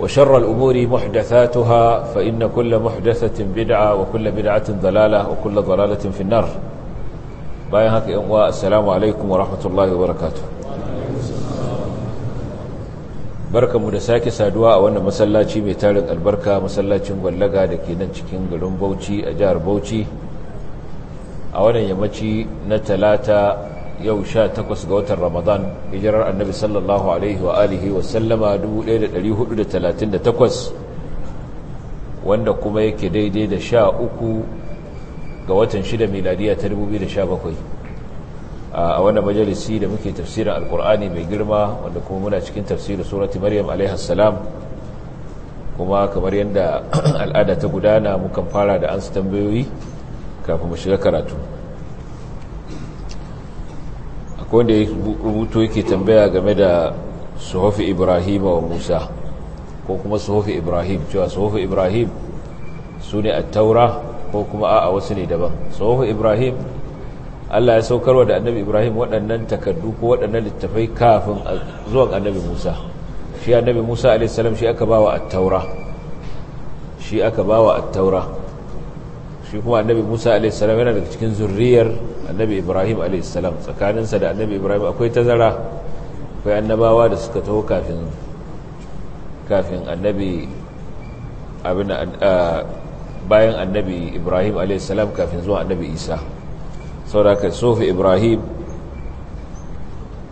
وشر الأمور محدثاتها فإن كل محدثة بدعة وكل بدعة ضلالة وكل ضلالة في النار باين هكي أمواء السلام عليكم ورحمة الله وبركاته barka mu da sake saduwa a wannan masallaci mai tarin albarka masallacin gwallaga da ke nan cikin garin bauci a jihar bauchi a wannan yammaci na talata yau sha takwas ga watan ramadan hijirar annabi sallallahu alaihi wa alihi wa sallama 1438 wanda kuma yake daidai da sha uku ga watan shida miladiya ta 2017 a wanda majalisi da muke tafsirin alkur'ani mai girma wanda kuma muna cikin tafsirin surati maryam alaihi kuma kamar yadda al'ada ta gudana mukan fara da an su tambayoyi kafin mu shiga karatu ko da ya yake tambaya game da suhufi ibrahim wa musa ko kuma suhufi ibrahim cewa suhufi ibrahim su ne a taura ko kuma a wasu ne daban suhufi ibrahim allah ya saukarwa da annabi ibrahim waɗannan takardu ko waɗannan littafai kafin zuwan annabi musa shi annabi musa alaihissalam shi aka ba wa a taura shi kuma annabi musa a.s. yana daga cikin zurriyar annabi ibrahim a.s. tsakaninsa da annabi ibrahim akwai tazara akwai annabawa da suka taho kafin kafin annabi abin bayan annabi ibrahim a.s. kafin zuwa annabi isa sauraka sofi ibrahim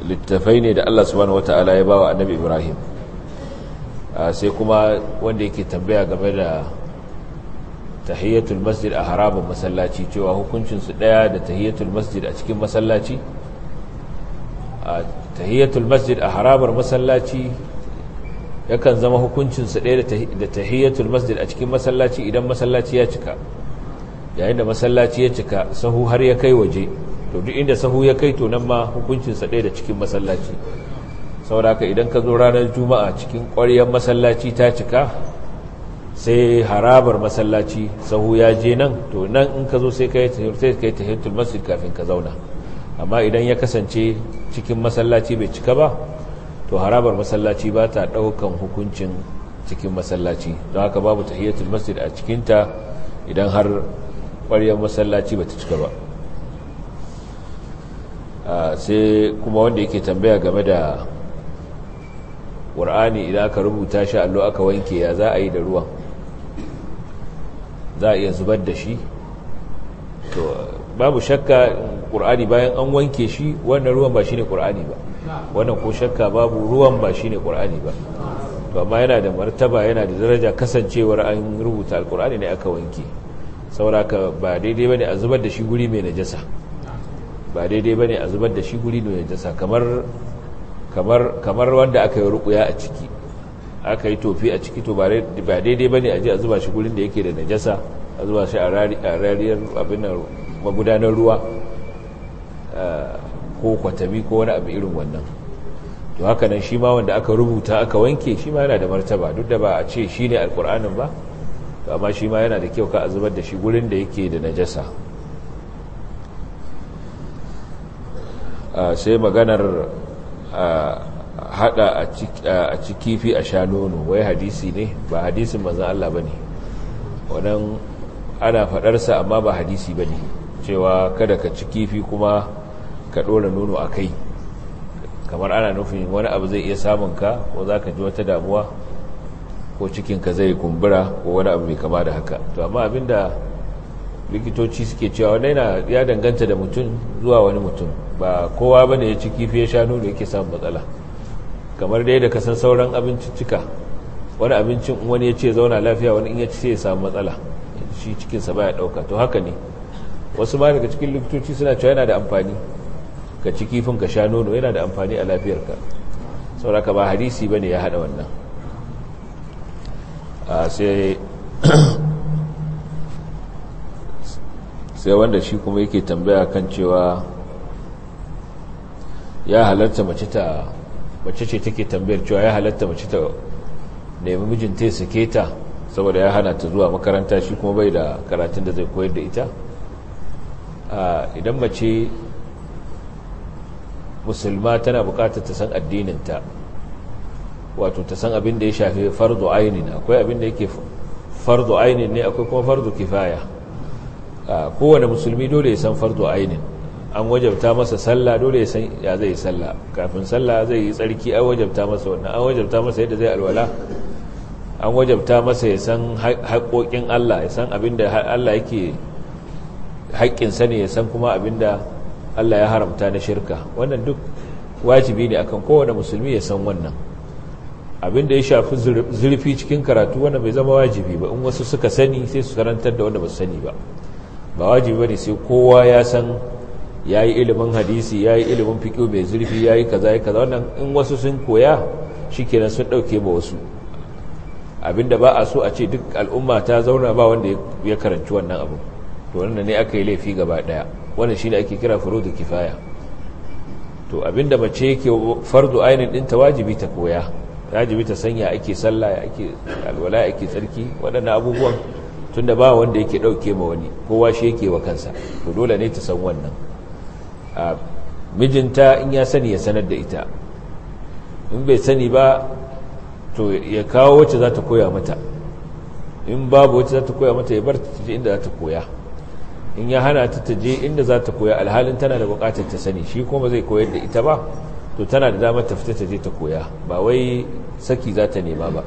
littafai ne da allah subhanahu wata'ala ya ba wa annabi ibrahim sai kuma wanda yake tambaya game da tahiyatul masjid a harabar masallaci cewa hukuncinsu ɗaya da tahiyatul masjid a cikin masallaci tahiyatul masjid a harabar masallaci yakan zama hukuncinsu ɗaya da tahiyatul masjid a cikin masallaci idan masallaci ya cika yayin da masallaci ya cika sahu har ya kai waje to duk inda sahu ya kai to nan ma hukuncinsa ɗaya da cikin masallaci saboda haka idan ka zo ranar juma'a cikin ƙwaryar masallaci ta cika sai harabar masallaci sahu ya je nan to nan in ka zo sai ka yi tahiyatul masjid kafin ka zauna amma idan ya kasance cikin masallaci bai cika ba to harabar masallaci ba ta ɗaukan hukuncin cikin masallaci don haka babu tahiyatul masjid a cikin ta idan har ƙwaryar masallaci ba ta cika ba sai kuma wanda yake tambaya game da ƙur'ani idan aka rubuta shi allo aka wanke ya za a yi da ruwan za a iya zubar da shi to babu shakka ƙur'ani bayan an wanke shi wannan ruwan ba shi ne ƙur'ani ba wannan ko shakka babu ruwan ba shi ne ƙur'ani ba to amma yana da martaba yana da daraja kasancewar an rubuta alƙur'ani ne aka wanke sauraka ba daidai ba ne a zubar da shi guri mai najasa ba daidai ba ne a zubar da shi guri mai najasa kamar kamar wanda aka yi rukuya a ciki aka yi tofi a ciki to ba daidai ba ne a ji a zuba shi gurin da yake da najasa a zuba shi a rariyar abin da magudanar ruwa ko kwatami ko wani abu irin wannan to haka nan shi ma wanda aka rubuta aka wanke shi ma yana da martaba duk da ba a ce shi ne alkur'anin ba to amma shi ma yana da kyau ka a zubar da shi gurin da yake da najasa sai maganar hada a ci kifi a sha nono wai hadisi ne ba hadisin manzan Allah ba ne wannan ana fadarsa amma ba hadisi ba ne cewa kada ka ci kifi kuma ka dora nono a kai kamar ana nufin wani abu zai iya samun ka ko za ka ji wata damuwa ko cikinka zai kumbura ko wani abu mai kama da haka to amma abinda likitoci suke cewa wani ya danganta da mutum zuwa wani mutum ba kowa bane ya ci kifi ya sha nono yake samun matsala kamar dai da kasan sauran cika wani abincin wani ya ce zauna lafiya wani in ya ce ya samu matsala shi cikinsa baya ɗauka to haka ne wasu ma daga cikin likitoci suna cewa yana da amfani ka ci kifin ka sha nono yana da amfani a lafiyarka sauraka ba hadisi ba ne ya haɗa wannan sai sai wanda shi kuma yake tambaya kan cewa ya halarta mace ta mace ce take tambayar cewa ya halatta mace ta nemi mijinta ya sake ta saboda ya hana ta zuwa makaranta shi kuma bai da karatun da zai koyar da ita idan mace musulma tana bukatar ta san addininta wato ta san abin da ya shafi fardu ainin akwai abin da yake fardu ainin ne akwai kuma fardu kifaya kowane musulmi dole ya san fardu ainin an wajabta masa sallah dole ya san ya zai yi sallah kafin sallah zai yi tsarki an wajabta masa wannan an wajabta masa yadda zai alwala an wajabta masa ya san haƙoƙin Allah ya san abinda Allah yake sa ne ya san kuma abinda Allah ya haramta na shirka wannan duk wajibi ne akan kowane musulmi ya san wannan abinda ya shafi zurfi cikin karatu wannan bai zama wajibi ba in wasu suka sani sai su karantar da wanda ba su sani ba ba wajibi bane sai kowa ya san ya yi ilimin hadisi ya yi ilimin fiƙo mai zurfi ya yi kaza ya kaza wannan in wasu sun koya shi kenan sun ɗauke ba wasu abinda ba a so a ce duk al'umma ta zauna ba wanda ya karanci wannan abu to wannan ne aka yi laifi gaba ɗaya wannan shi ne ake kira furo da kifaya to abinda mace yake fardu ainihin ɗinta wajibi ta koya wajibi ta sanya ake sallah ya ake alwala ake tsarki waɗannan abubuwan tunda ba wanda yake ɗauke ma wani kowa shi yake wa kansa to dole ne ta san wannan mijinta in ya sani ya sanar da ita in bai sani ba to ya kawo wacce za ta koya mata in babu wacce za ta koya mata ya bar ta je inda za ta koya in ya hana ta taje inda za ta koya alhalin tana da bukatar ta sani shi kuma zai koyar da ita ba to tana da damar ta fita ta je ta koya ba wai saki za ta nema ba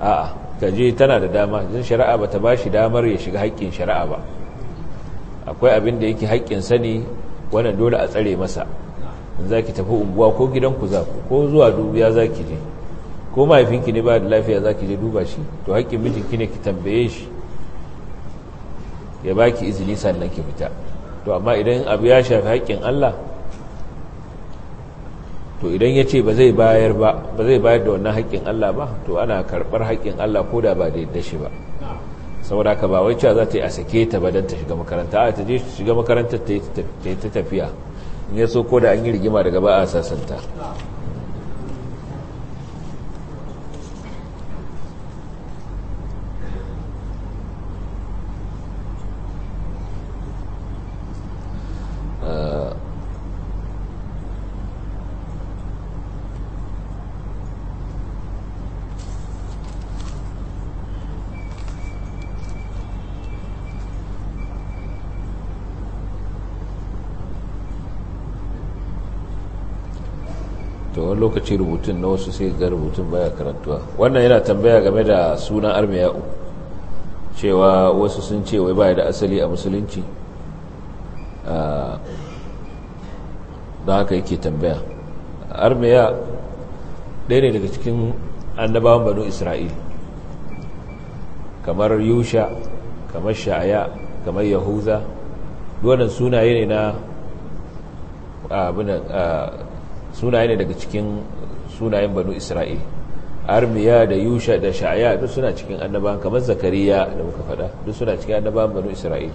a'a ta je tana da dama jin shari'a ba ta ba shi damar ya shiga haƙƙin shari'a ba akwai abin da yake haƙƙin sani wannan dole a tsare masa in za ki tafi unguwa ko gidanku za ku ko zuwa dubiya za ki je ko mahaifinki ne ba da lafiya za ki je duba shi to haƙƙin mijinki ne ki tambaye shi ya ba ki izini sannan ki fita to amma idan abu ya shafi haƙƙin Allah to idan ya ce ba bayar ba zai bayar da wannan haƙƙin Allah ba to ana karɓar haƙƙin Allah ko da ba da yadda shi ba saboda ka ba wai cewa za ta yi a sake ta ba don ta shiga makaranta a ta je shiga makarantar ta yi ta tafiya in ya so ko da an yi rigima daga ba a sasanta lokaci rubutun na wasu sai ga rubutun baya karantuwa wannan yana tambaya game da sunan armiya'u cewa wasu sun ce wai baya da asali a musulunci ah, don haka yake tambaya armiya ɗaya ne daga cikin annabawan banu isra'il kamar yusha kamar sha'aya kamar yahuza duwannan sunaye ne na ah, abinan ah, sunaye ne daga cikin sunayen banu isra'il armiya da yusha da sha'aya duk suna cikin annaban kamar zakariya da muka faɗa duk suna cikin annaban banu isra'il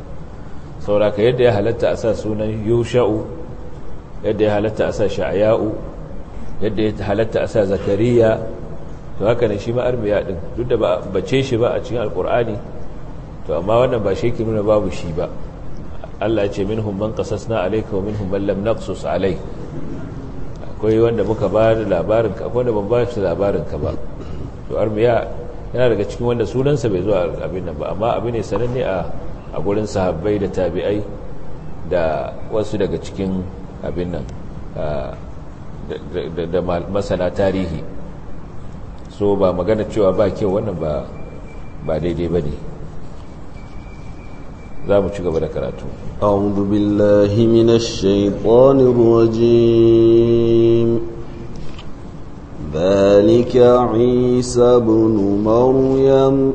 sauraka yadda ya halatta a sa sunan yusha'u yadda ya halatta a sa sha'ayau yadda ya halatta a sa zakariya to haka ne shi ma armiya din duk da ba bace shi ba a cikin alkur'ani to amma wannan ba shi ke nuna babu shi ba Allah ya ce minhum man qasasna alayka wa minhum man lam naqsus alayka akwai wanda muka ba da labarin ka akwai wanda ban ba shi labarin ka ba to armiya yana daga cikin wanda sunansa bai zuwa abin nan ba amma abin ne sananne a a gurin sahabbai da tabi'ai da wasu daga cikin abin nan da masana tarihi so ba magana cewa ba kyau wannan ba ba daidai ba ne za mu ci gaba da karatu. أعوذ بالله من الشيطان الرجيم ذلك عيسى بن مريم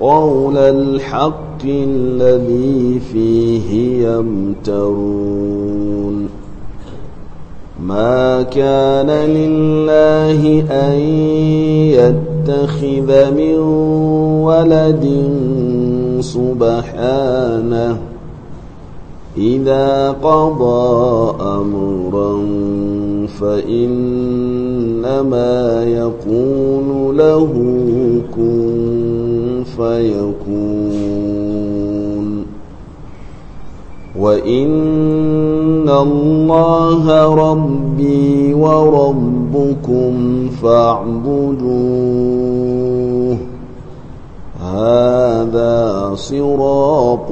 قول الحق الذي فيه يمترون ما كان لله أن يتخذ من ولد سبحانه إذا قضى أمرا فإنما يقول له كن فيكون وإن الله ربي وربكم فاعبدوه هذا صراط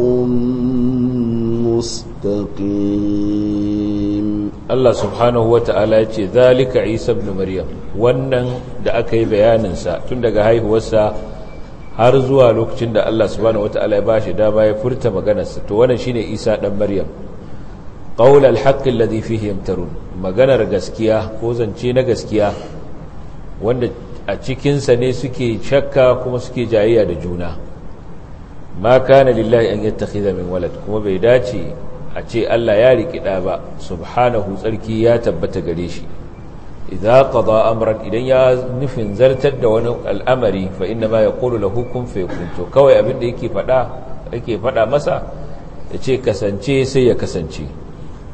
مستقيم Allah subhanahu wa ta'ala ya ce zalika isa ibn maryam wannan da aka yi bayaninsa tun daga haihuwarsa har zuwa lokacin da Allah subhanahu wa ta'ala ya bashi dama ya furta maganarsa to wannan shine isa ɗan maryam qaul al-haqq alladhi maganar gaskiya ko zance na gaskiya wanda a cikinsa ne suke shakka kuma suke jayayya da juna ma kana lillahi an ta min walad kuma bai dace a ce Allah ya riƙi ɗa ba subhanahu tsarki ya tabbata gare shi idza za amran idan ya nufin zartar da wani al'amari fa inda ma yaqulu lahu kun fayakun to kawai abin da yake faɗa yake faɗa masa ce kasance sai ya kasance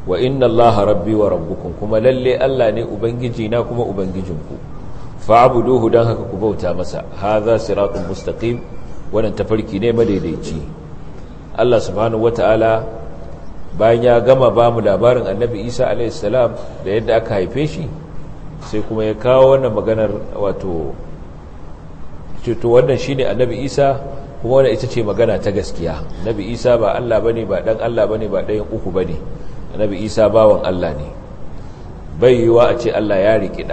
wa inna allaha rabbi wa rabbukum kuma lalle Allah ne ubangiji na kuma ubangijinku fa fa'buduhu dan haka ku bauta masa hadha siratun mustaqim wannan tafarki ne madaidaici Allah subhanahu wataala bayan ya gama ba mu labarin annabi isa a.s. da yadda aka haife shi sai kuma ya kawo wannan maganar wato to wannan shi ne annabi isa kuma wadda ita ce magana ta gaskiya annabi isa ba allah ba ne ba ɗan allah ba ne ba ɗayan uku ba ne annabi isa bawan allah ne bai yiwa a ce allah ya riƙi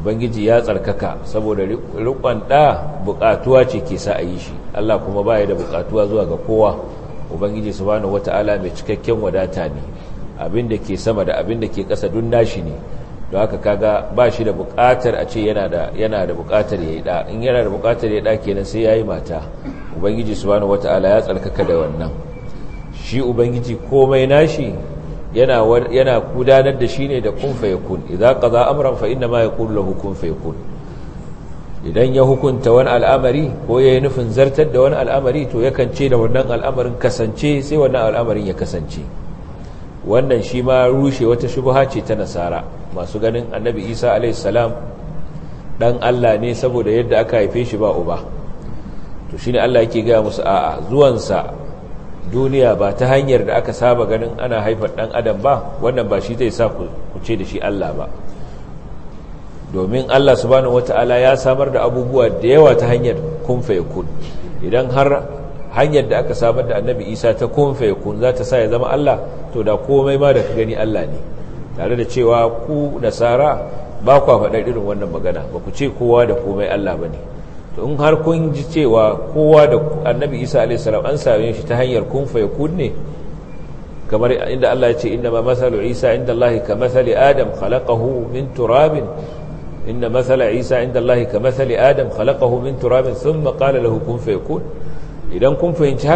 ubangiji ya tsarkaka saboda riƙon ɗa buƙatuwa ce ke sa a yi shi allah kuma ba ya da buƙatuwa zuwa ga kowa ubangiji subhanahu wata'ala mai cikakken wadata ne abinda ke sama da abin da ke ƙasa dun nashi ne don haka kaga ba shi da buƙatar a ce yana da buƙatar ya yi ɗa in yana da buƙatar ya yi ɗa kenan sai ya yi mata ubangiji subhanahu wata'ala ya tsarkaka da wannan shi ubangiji komai nashi yana yana kudanar da shi ne da kun fayakun za a amran fa inna ma yaqulu lahu kun fayakun idan ya hukunta wani al'amari ko ya yi nufin zartar da wani al'amari to yakan ce da wannan al'amarin kasance sai wannan al'amarin ya kasance wannan shi ma rushe wata shubuha ce ta nasara masu ganin annabi isa alaihissalam dan allah ne saboda yadda aka haife shi ba uba to ne allah yake gaya musu a'a zuwansa duniya ba ta hanyar da aka saba ganin ana haifar ɗan adam ba wannan ba shi zai sa ku ce da shi allah ba domin Allah subhanahu wata'ala ya samar da abubuwa da yawa ta hanyar kun fayakun idan har hanyar da aka samar da annabi isa ta kun fayakun za ta sa ya zama Allah to da komai ma da ka gani Allah ne tare da cewa ku nasara ba kwa irin wannan magana ba ku ce kowa da komai Allah ba ne to in har kun ji cewa kowa da annabi isa a.s. an same shi ta hanyar kun fayakun ne kamar inda Allah ya ce inna ma masalu isa inda Allah ka masali adam khalaqahu min turabin إن مثل عيسى عند الله كمثل آدم خلقه من تراب ثم قال له كن فيكون إذن كن فينش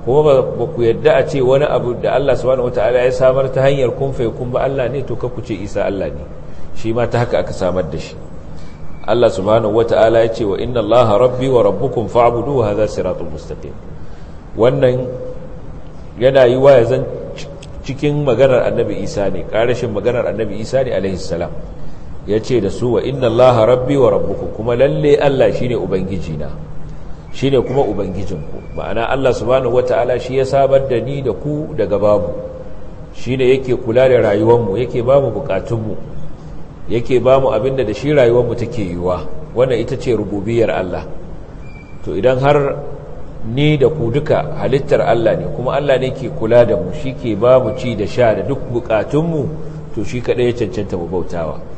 kuma ba ku yadda a ce wani abu da Allah subhanahu wata'ala ya samar ta hanyar kun fayakun ba Allah ne to ku ce Isa Allah ne shi ma ta haka aka samar da shi Allah subhanahu wata'ala ya ce wa inna Allaha rabbi wa rabbukum fa'budu hadha siratul mustaqim wannan yana yi wa yazan cikin maganar Annabi Isa ne karashin maganar Annabi Isa ne alaihi ya ce da su wa inna Allah rabbi wa rabbuku kuma lalle Allah shine ubangiji na shine kuma ubangijinku ma'ana Allah subhanahu ala shi ya sabar da ni da ku daga babu shine yake kula da rayuwanmu yake ba mu bukatunmu yake ba mu abinda da shi rayuwanmu take yiwa wannan ita ce rububiyar Allah to idan har ni da ku duka halittar Allah ne kuma Allah ne ke kula da mu shi ke ba mu ci da sha da duk bukatunmu to shi kaɗai ya cancanta mu bautawa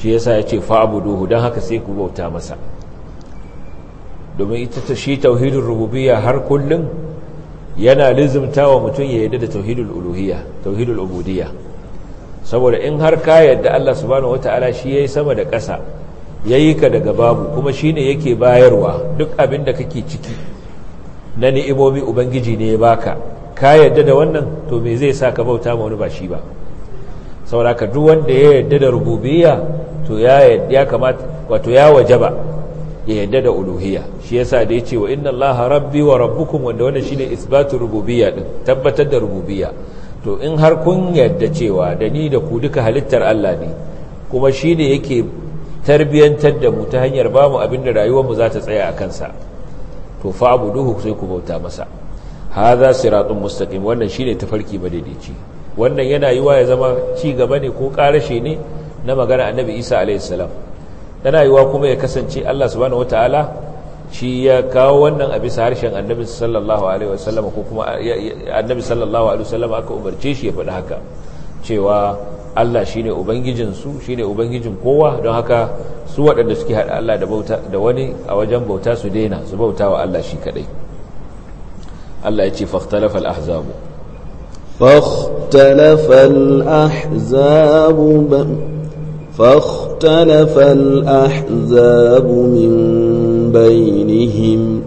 shi yasa ya ce fa'abuduhu don haka sai ku bauta masa domin ita ta shi tauhidin rububiyya har kullum yana lizimta wa mutum ya yadda da tauhidul uluhiyya ubudiyya saboda in har ka yadda Allah subhanahu ala shi ya yi sama da ƙasa ya yi ka daga babu kuma shine yake bayarwa duk abin da kake ciki na ni'imomi ubangiji ne ya baka ka yadda da wannan to me zai sa ka bauta ma wani ba shi ba saboda ka duk wanda ya yadda da rububiya. to ya kamata wato ya wajaba ya yadda da uluhiyya shi yasa da yace wa inna allaha rabbi wa rabbukum wanda wannan shine isbatu rububiyya din tabbatar da rububiyya to in har kun yadda cewa da ni da ku duka halittar Allah ne kuma shine yake tarbiyantar da mu ta hanyar ba mu abinda rayuwarmu za ta tsaya a kansa to fa abuduhu sai ku bauta masa hadha siratun mustaqim wannan shine tafarki madaidaici wannan yana yiwa ya zama ci gaba ne ko karashe ne na magana annabi isa alaihissalam tana yiwuwa kuma ya kasance allah subhanahu wataala shi ya kawo wannan a bisa harshen annabi sallallahu alaihi wasallam ko kuma annabi sallallahu alaihi wasallam aka umarce shi ya faɗi haka cewa Allah ne Ubangijinsu shi shine ubangijin kowa don haka su waɗanda suke haɗa Allah da wani a wajen bauta su daina su bauta wa Allah shi kaɗai. Allah ya ce fahtalafa ahzabu fahtalafa al ba. فاختلف الأحزاب من بينهم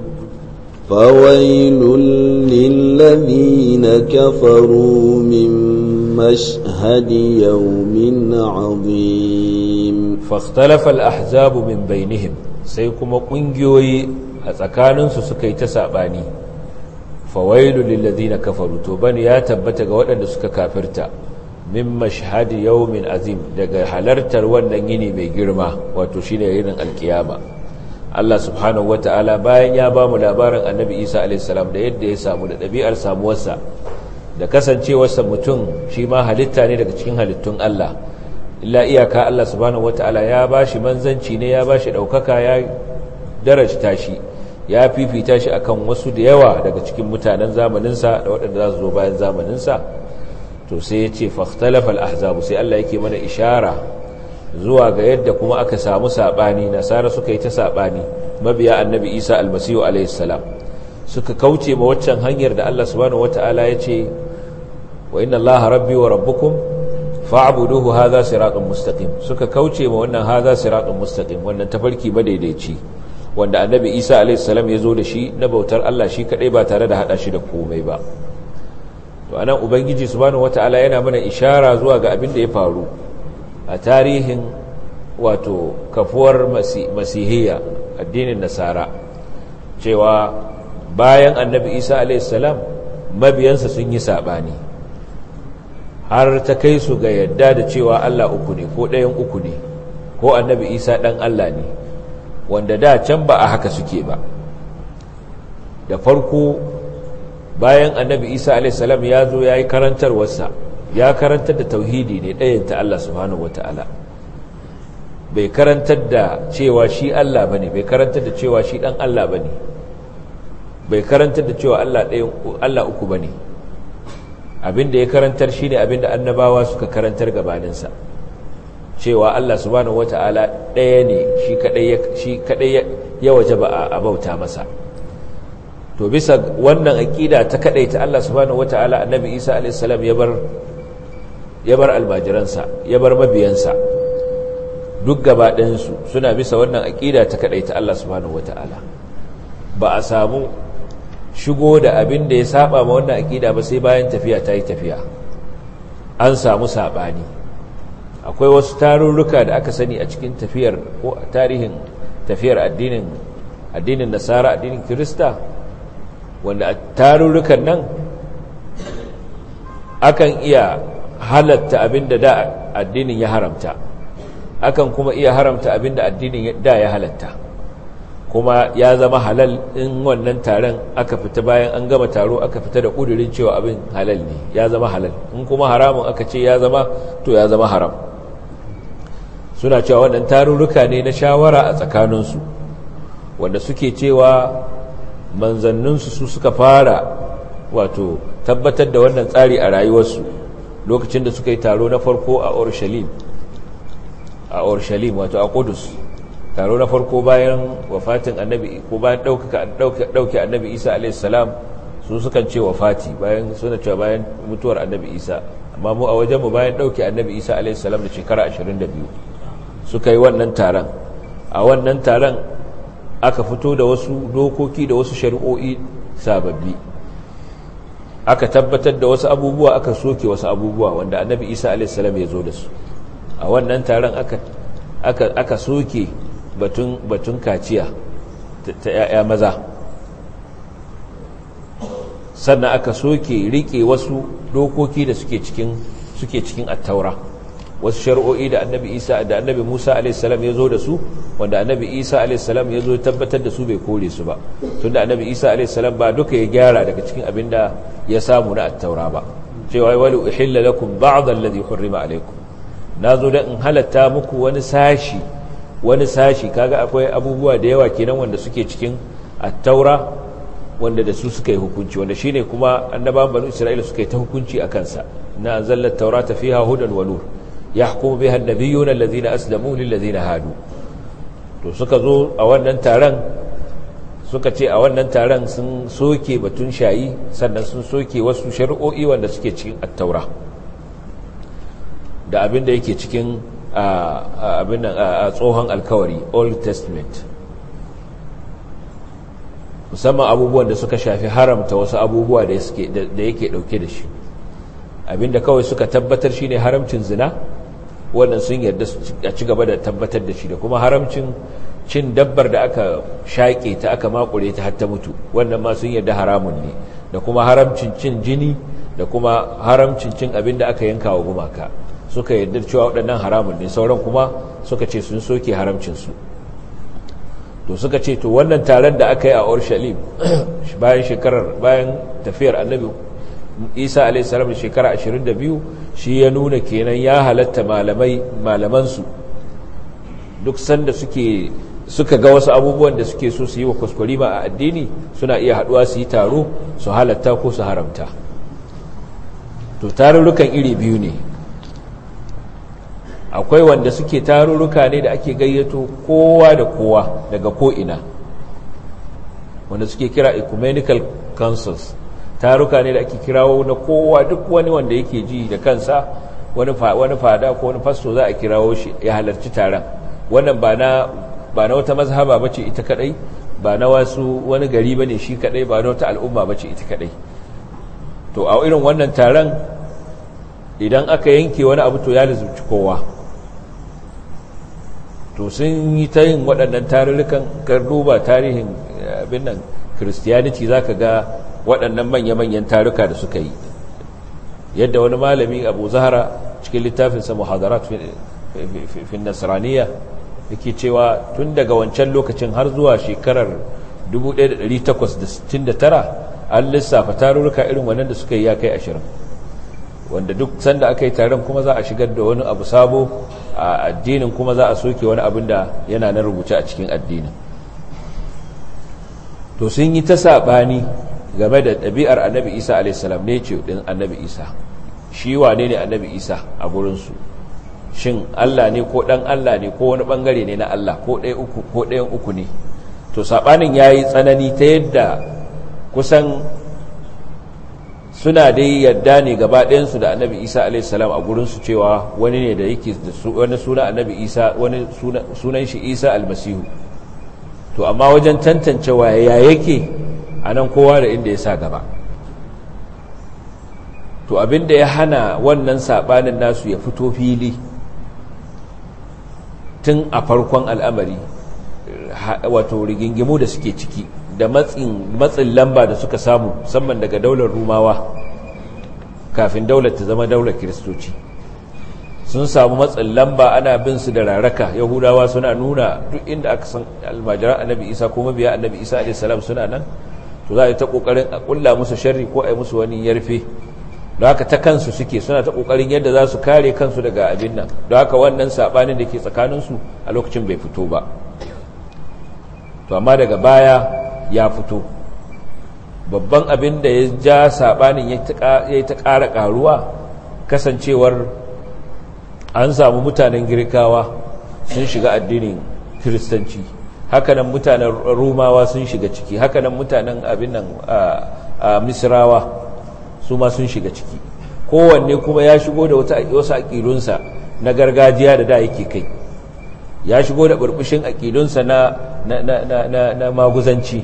فويل للذين كفروا من مشهد يوم عظيم فاختلف الأحزاب من بينهم سيكم قنجوي أتكانن سكي تساباني فويل للذين كفروا توبان يا تبتغ ودن سكا كافرتا min mashahadi yawmin azim daga halartar wannan yini mai girma wato shine yinin alkiyama Allah subhanahu wataala bayan ya bamu labarin Annabi Isa alayhis salam da yadda ya samu da ɗabi'ar samuwarsa da kasancewarsa mutum shi ma halitta ne daga cikin halittun Allah illa iyaka Allah subhanahu wataala ya bashi manzanci ne ya bashi ɗaukaka ya darajta tashi ya fifita shi akan wasu da yawa daga cikin mutanen zamaninsa da waɗanda za su zo bayan zamaninsa to sai ya ce ahzabu sai Allah yake mana ishara zuwa ga yadda kuma aka samu sabani nasara suka yi ta sabani mabiya annabi Isa almasihu alayhi suka kauce ma waccan hanyar da Allah subhanahu wataala ya ce wa inna allaha rabbi wa rabbukum fa'buduhu hadha siratun mustaqim suka kauce ma wannan hadha siratun mustaqim wannan tafarki madaidaici wanda annabi Isa alayhi ya zo da shi na bautar Allah shi kadai ba tare da hada shi da komai ba to anan ubangiji subhanahu wata'ala yana mana ishara zuwa ga abin da ya faru a tarihin wato kafuwar masihiyya addinin nasara cewa bayan annabi isa salam mabiyansa sun yi saɓani har ta kai su ga yadda da cewa allah uku ne ko ɗayan uku ne ko annabi isa ɗan allah ne wanda da can ba a haka suke ba da farko bayan annabi isa a.s. ya zo ya yi karantar wasa ya karantar da tauhidi ne ɗayanta allah subhanahu wata'ala bai karantar da cewa shi allah ba ne bai karantar da cewa shi ɗan allah ba ne bai karantar da cewa allah uku ba ne abinda ya karantar shi ne abinda annabawa suka karantar gabaninsa cewa allah subhanahu wata'ala ɗaya ne shi kaɗai ya waje ba a bauta masa to bisa wannan aqida ta kadaita Allah subhanahu wataala annabi Isa alayhi salam ya bar ya bar almajiransa ya bar mabiyansa duk gaba su suna bisa wannan aqida ta kadaita Allah subhanahu wataala ba a samu shigo da abin da ya saba ma wannan aqida ba sai bayan tafiya ta yi tafiya an samu sabani akwai wasu tarurruka da aka sani a cikin tafiyar ko tarihin tafiyar addinin addinin nasara addinin kirista wanda a tarurrukan nan akan iya halatta abinda da addinin ya haramta akan kuma iya haramta abinda addinin da ya halatta kuma ya zama halal in wannan taron aka fita bayan an gama taro aka fita da kudirin cewa abin halal ne ya zama halal in kuma haramun aka ce ya zama to ya zama haram suna cewa wannan tarurruka ne na shawara a tsakaninsu wanda suke cewa manzanninsu su suka fara wato tabbatar da wannan tsari a rayuwarsu lokacin da suka yi taro na farko a Urushalim a Urushalim wato a kudus taro na farko bayan wafatin annabi ko bayan dauke annabi Isa a.s. su sukan ce wafati bayan suna cewa bayan mutuwar annabi Isa amma mu a wajenmu bayan dauke annabi Isa a.s. da shekara 22 suka yi wannan taron a wannan taron aka fito da wasu dokoki da wasu shari'o'i sababbi aka tabbatar da wasu abubuwa aka soke wasu abubuwa wanda annabi isa alaihissalam ya zo da su a wannan taron aka soke batun kaciya ta 'ya'ya maza sannan aka soke rike wasu dokoki da suke cikin attaura wasu shari'o'i da annabi isa da annabi musa a.s. ya zo da su wanda annabi isa a.s. ya zo tabbatar da su bai kore su ba tun da annabi isa a.s. ba duka ya gyara daga cikin abin da ya samu na attaura ba cewa wali uhilla lakum ba'd alladhi hurrima a nazo da in halatta muku wani sashi wani sashi kaga akwai abubuwa da yawa kenan wanda suke cikin attaura wanda da su suka yi hukunci wanda shine kuma annabawan banu isra'ila suka yi ta hukunci a kansa na zallat taurata fiha hudan wa nur yahkumu biha annabiyuna allazina aslamu lil hadu to suka zo a wannan taron suka ce a wannan taron sun soke batun shayi sannan sun soke wasu shari'o'i wanda suke cikin attaura da abin da yake cikin abin a tsohon alkawari old testament musamman abubuwan da suka shafi haramta wasu abubuwa da yake dauke da shi abinda kawai suka tabbatar shine haramcin zina wannan sun yarda a ci gaba da tabbatar da shi da kuma haramcin cin dabbar da aka shaƙe ta aka makure ta har mutu wannan ma sun yarda haramun ne da kuma haramcin cin jini da kuma haramcin cin abin da aka yanka wa gumaka suka yarda cewa waɗannan haramun ne sauran kuma suka ce sun soke haramcinsu to suka ce to wannan taron da aka yi a urshalim bayan shekarar bayan tafiyar annabi isa alaihissalam shekara 22 shi ya nuna kenan ya halatta malamai malamansu duk sanda suke suka ga wasu abubuwan da suke so su yi wa kuskurima a addini suna iya haduwa su yi taro su halatta ko su haramta to tarurrukan iri biyu ne akwai wanda suke tarurruka ne da ake gayyato kowa da kowa daga ko'ina wanda suke kira ecumenical councils taruka ne da ake kirawo na kowa duk wani wanda yake ji da kansa wani fada ko wani fasto za a kirawo shi ya halarci taron wannan ba na wata mazhaba bace ita kadai ba na wasu wani gari bane shi kadai ba na wata al'umma bace ita kadai to a irin wannan taron idan aka yanke wani abu to ya lazumci kowa to sun yi ta yin waɗannan tarurrukan duba tarihin eh, abin nan christianity zaka ga waɗannan manya-manyan taruka da suka yi yadda wani malami abu zahara cikin littafinsa muhadarat fin nasraniya yake cewa tun daga wancan lokacin har zuwa shekarar 1869 an lissafa tarurruka irin wannan da suka yi ya kai ashirin wanda duk sanda aka yi taron kuma za a shigar da wani abu sabo a addinin kuma za a soke wani abin da yana na rubuce a cikin addinin to sun yi ta saɓani game da ɗabi'ar annabi isa alaihissalam ne ce ɗin annabi isa shi wane ne annabi isa a gurinsu shin allah ne ko ɗan allah ne ko wani ɓangare ne na allah ko ɗaya uku ko ɗayan uku ne to saɓanin ya yi tsanani ta yadda kusan suna dai yadda ne gaba ɗayansu da annabi isa alaihissalam a gurinsu cewa wani ne da yake da wani suna annabi isa wani sunan shi isa almasihu to amma wajen tantancewa ya yake a nan kowa da inda ya sa gaba to abinda ya hana wannan saɓanin nasu ya fito fili tun a farkon al'amari wato rigingimu da suke ciki da matsin lamba da suka samu musamman daga daular rumawa kafin daular ta zama daular kiristoci sun samu matsin lamba ana bin su da raraka yahudawa suna nuna duk inda aka san almajiran annabi isa ko mabiya annabi isa a.s. suna nan to za a yi ta ƙoƙarin a ƙulla musu sharri ko a yi musu wani yarfe da haka ta kansu suke suna ta ƙoƙarin yadda za su kare kansu daga abin nan da haka wannan saɓanin da ke tsakaninsu a lokacin bai fito ba to amma daga baya ya fito babban abin da ya ja saɓanin ya yi ta ƙara ƙaruwa kasancewar an samu mutanen girkawa sun shiga addinin kiristanci hakanan mutanen rumawa sun shiga ciki hakanan mutanen abin nan a misrawa su ma sun shiga ciki kowanne kuma ya shigo da wasu aƙilunsa na gargajiya da da yake kai ya shigo da burbushin aƙilunsa na maguzanci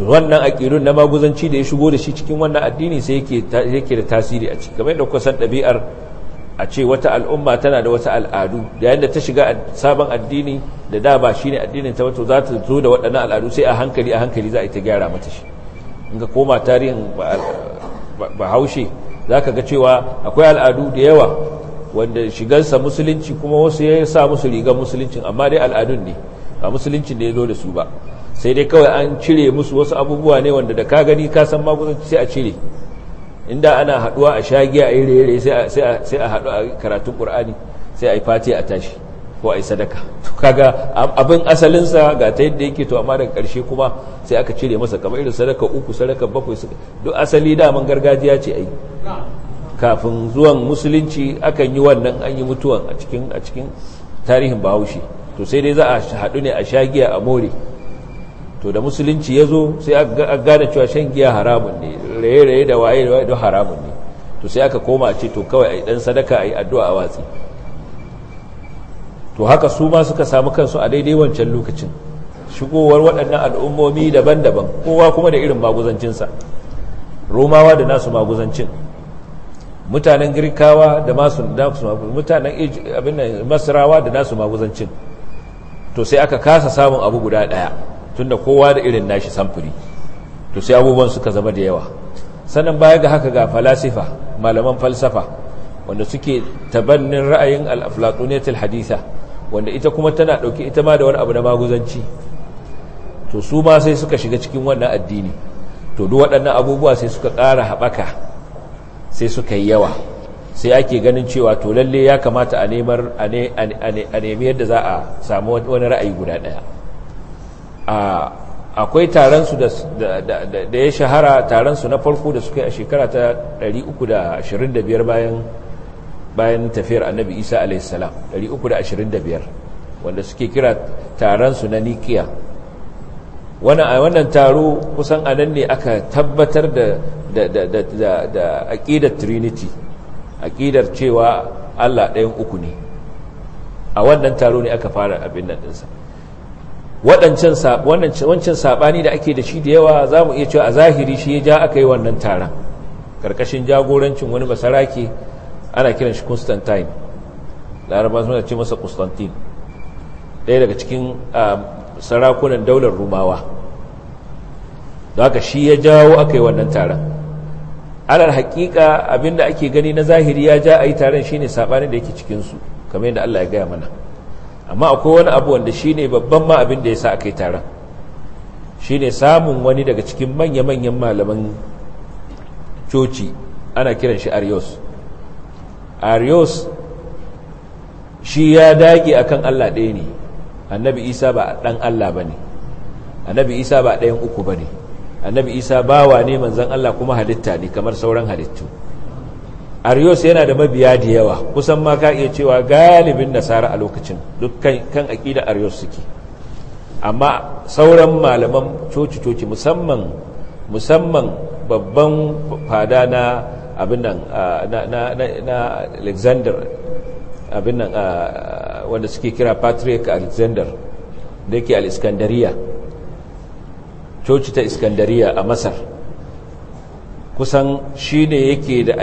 wannan aƙilun na maguzanci da ya shigo da shi cikin wannan addini sai yake da tasiri a ciki kamar da kusan ɗabi'ar a ce wata al'umma tana da wata al'adu yayin da ta shiga sabon addini da da ba ne addinin ta wato za ta zo da waɗannan al'adu sai a hankali a hankali za a yi ta gyara mata shi in ka koma tarihin bahaushe za ka ga cewa akwai al'adu da yawa wanda shigarsa musulunci kuma wasu ya sa musu rigar musuluncin amma dai al'adun ne ba musuluncin da ya zo da su ba sai dai kawai an cire musu wasu abubuwa ne wanda da ka gani ka san magudanci sai a cire inda ana haduwa a shagiya a yi sai a haɗu a karatun ƙur'ani sai a yi fati a tashi ko a yi sadaka kaga abin asalinsa ga ta yadda yake to amma daga ƙarshe kuma sai aka cire masa kamar irin sadaka uku sadaka bakwai duk asali daman gargajiya ce ai kafin zuwan musulunci akan yi wannan an yi mutuwan a cikin a cikin tarihin bahaushe to sai dai za a haɗu ne a shagiya a more to da musulunci ya zo sai a gane cewa shan giya haramun ne raye-raye da waye da haramun ne to sai aka koma a ce to kawai a yi ɗan sadaka a yi addu'a a watsi to haka su ma suka samu kansu a daidai wancan lokacin shigowar waɗannan al'ummomi daban-daban kowa kuma da irin maguzancinsa romawa da nasu maguzancin mutanen girkawa da masu mutanen abin masarawa da nasu maguzancin to sai aka kasa samun abu guda ɗaya tunda kowa da irin nashi samfuri to sai abubuwan suka zama da yawa sannan baya ga haka ga falasifa malaman falsafa wanda suke tabannin ra'ayin al-aflatuniyatul haditha wanda ita kuma tana ɗauki ita ma da wani abu na maguzanci to su ma sai suka shiga cikin wannan addini to duk waɗannan abubuwa sai suka ƙara haɓaka sai suka yi yawa sai ake ganin cewa to lalle ya kamata a neman a nemi yadda za a samu wani ra'ayi guda ɗaya akwai taronsu da ya shahara taronsu na farko da suka yi a shekara ta 325 bayan bayan tafiyar annabi isa a.s. 325 wanda suke kira taronsu na nikiya wannan taro kusan anan ne aka tabbatar da aƙidar trinity aƙidar cewa allah ɗayan uku ne a wannan taro ne aka fara abin nan ɗinsa waɗancan wancan saɓani da ake da shi da yawa za mu iya cewa a zahiri shi ya ja aka yi wannan taron ƙarƙashin jagorancin wani masarake ana kiran shi constantine laraba suna ce masa constantine ɗaya daga cikin sarakunan daular rumawa da aka shi ya jawo aka yi wannan taron da haƙiƙa abinda ake gani na zahiri ya ja a yi taron shi ne sabanin da yake cikinsu kamar yadda allah ya gaya mana amma akwai wani abu wanda shi ne babban ma abin da ya sa aka yi taron shi ne samun wani daga cikin manya-manyan malaman coci ana kiran shi arios arios shi ya dage a kan allah ɗaya ne annabi isa ba ɗan allah ba ne annabi isa ba ɗayan uku ba ne annabi isa ba bawa ne manzan allah kuma halitta ne kamar sauran halittu arius yana da mabiya da yawa kusan ma ka iya cewa galibin nasara a lokacin dukkan kan aƙida arius suke amma sauran malaman coci-coci musamman musamman babban fada na abinan na alexander abin wanda suke kira patrick alexander da yake al-iskandariya coci ta iskandariya a masar kusan shi ne yake da